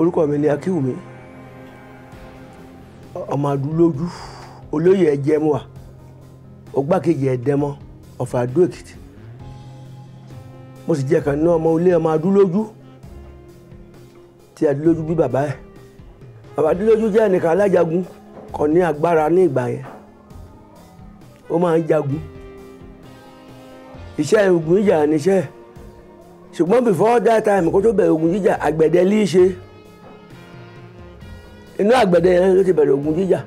orúkọ mi ni akíwùmí ọmọ adúlójú olóyè ẹjẹmúà ògbákejì ẹdẹmọ ọ̀fà àdó èkìtì mo sì jẹ́ kan ní ọmọ ilé ọmọ adúlójú tí adúlójú bí bàbá ẹ̀ bàbá adúlójú jẹ́ ẹnìkan alájagun kò ní agbára ní ìgbà yẹn ó máa ń jagun iṣẹ́ ogun ìjà níṣẹ́ ṣùgbọ́n before that time kó tó bẹ̀rẹ̀ ogun jíjà àgbẹ̀dẹ lè ṣe inú àgbẹ̀dẹ yẹn ló ti bẹ̀rẹ̀ ogun jíjà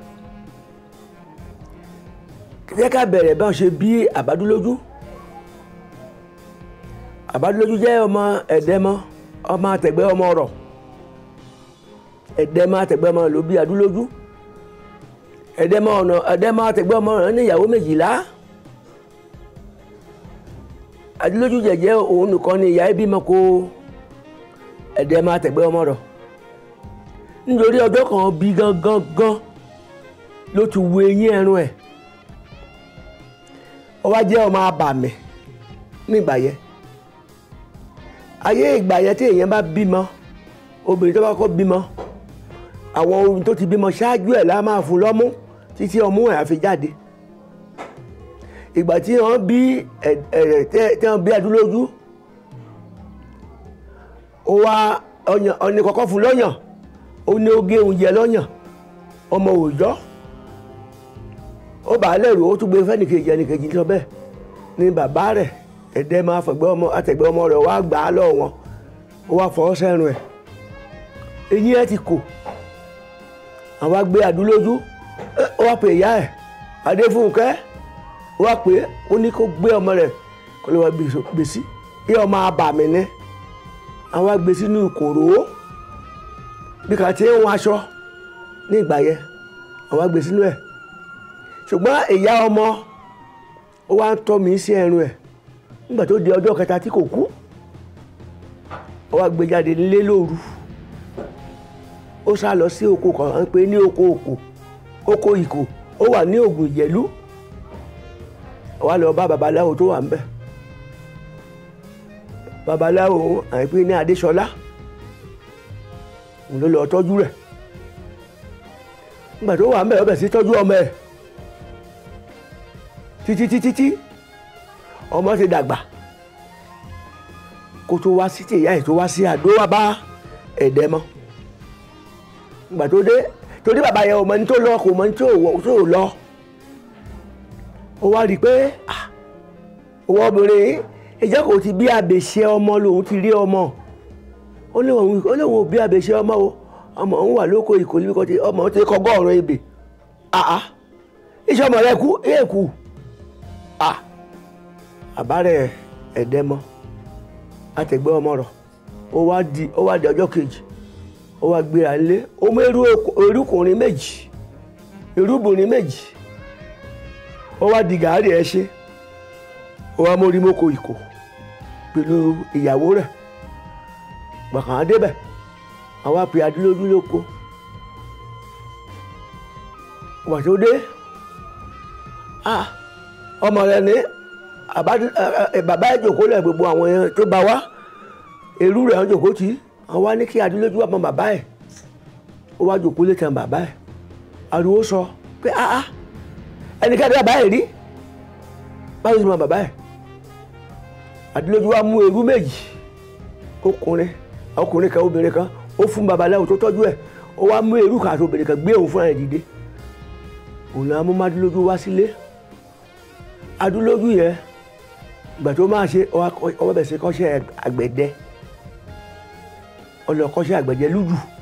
jẹ́ ká bẹ̀rẹ̀ bá ṣe bí àbádúlójú àbádúlójú jẹ́ ọmọ ẹ̀dẹ́mọ́ ọmọ àtẹ̀gbẹ́ ọmọ ọ̀rọ̀ ẹ̀dẹ́mọ́ àtẹ̀gbẹ́ ọmọ ló bí àdúlójú ẹ̀dẹ́mọ́ ọ̀nà ẹ̀dẹ́mọ́ àtẹ̀gbẹ́ ọmọ ọ̀rọ̀ ní ìyàwó méjìlá àdúlójú jẹ̀jẹ́ òun nìkan ni ìyá ẹbí mọ́ kó ẹ̀dẹ́mọ́ àtẹ̀gbẹ́ ọmọ ọ̀rọ̀ nítorí ọjọ́ kan bí gangan gan ló ti wo eyín ẹran ẹ̀ ó wá jẹ́ ọmọ abàmì nígbà yẹn ayé ìgbà yẹn tí èèyàn bá bímọ obìnrin tó bá kọ́ bímọ àwọn ohun tó ti bímọ ṣáájú ẹ̀ la máa fún lọ́mú títí ọmú ẹ̀ á fi jáde ìgbà tí wọ́n bí ẹ̀rẹ̀ tí wọ́n bí adúlójú ó wá ọyàn ọ̀nì kọ̀ọ̀kan fún lọ́yàn ó ní ogé oúnjẹ lọ́yàn ọmọ òòjọ́ ó bàá lẹ́rù ó tún gbé fẹ́nìkejì ẹnìkejì sọ bẹ́ẹ̀ ni bàbá rẹ̀ ẹ̀dẹ́ máa fẹ̀gbẹ́ ọmọ àtẹ̀gbẹ́ ọmọ rẹ̀ wá gbà á lọ́wọ́ wọn ó wá fọ́ sẹ́rùn ẹ̀ eyín ẹ̀ ti kò àwọn agbé àdúlójú ó wá pè ìyá ẹ̀ Adéfúnkẹ́ ó wá pè é ó ní kó gbé ọmọ rẹ̀ kó lè wá gbèsè kí ọmọ abàmì ni àwọn agbèsè ní ìkòrò bí kà tí ń wọn aṣọ ní ìgbà yẹn àwọn àgbè sínú ẹ̀ ṣùgbọ́n ìyá ọmọ ó wá ń tọ́ mi sí ẹnu ẹ̀ nígbà tó di ọjọ́ kẹta tí kò kú ó wá gbé jáde nílé lóru ó sá lọ sí oko kan à ń pè ní oko òkò oko ìkò ó wà ní Ògùn Ìjẹ̀lú ó lọ bá babaláwo tó wà ń bẹ̀ babaláwo à ní Adéṣọlá òun ló lọ tọ́jú rẹ̀ nígbà tó wà ń bẹ̀ ọbẹ̀ sí tọ́jú ọmọ ẹ̀ títí títí tí ọmọ ti dàgbà kó tó wá sí tìyá ẹ̀ tó wá sí àdó wá bá ẹ̀dẹ̀ mọ́ nígbà tó dé torí bàbá yẹn ò mọ ní tó lọ kò mọ ní tó lọ ó wá rí i pé òwò ah, obìnrin ìjẹ́ kò ti bí abèṣe ọmọ lòun ti rí ọmọ. onye léwọn òbí àbẹ̀ṣe ọmọ o ọmọ òun wà lóko ìkòlí bí ti ọmọ ti kọ́ gọ́ọ̀rọ̀ ebè àá iṣẹ́ ọmọ rẹ kú ẹ̀ kú à àbárẹ̀ ẹ̀dẹ́mọ àtẹ̀gbẹ́ ọmọ rọ̀ ó wá di ó wá di ọjọ́ kejì ó wá gbéra lé eru méjì méjì ó wá di gàárì ẹ ṣe ó wá mórí mọ́kò ìkò pẹ̀lú ìyàwó rẹ̀. gbàkàn á débẹ̀ àwa pè adúlójú lóko wàtí ó dé ọmọ rẹ ní bàbá ìjòkó lẹ gbogbo àwọn yẹn tó bá wá èrú rẹ ń jòkó tí wọn wá ní kí adúlójú wà mọ bàbá ẹ ó wá jòkó létẹ bàbá ẹ ariwo sọ pé ah ẹnikẹ́ni bàbá ẹ rí báwo ni mo bàbá ẹ adúlójú wa mú èrú méjì ó kùnrin ọkùnrin kan obìnrin kan ó fún babaláwo tó tọ́jú ẹ̀ ó wá mú èrú kan àti obìnrin kan gbé òun fúnra ẹ̀ dìde òun náà mú mádúlójú wá sílé adúlójú yẹn ìgbà tó máa ṣe ọwọ́ bẹ̀sẹ̀ kọ́ṣẹ́ àgbẹ̀dẹ ọlọ́kọ́ṣẹ́ àgbẹ̀dẹ lójú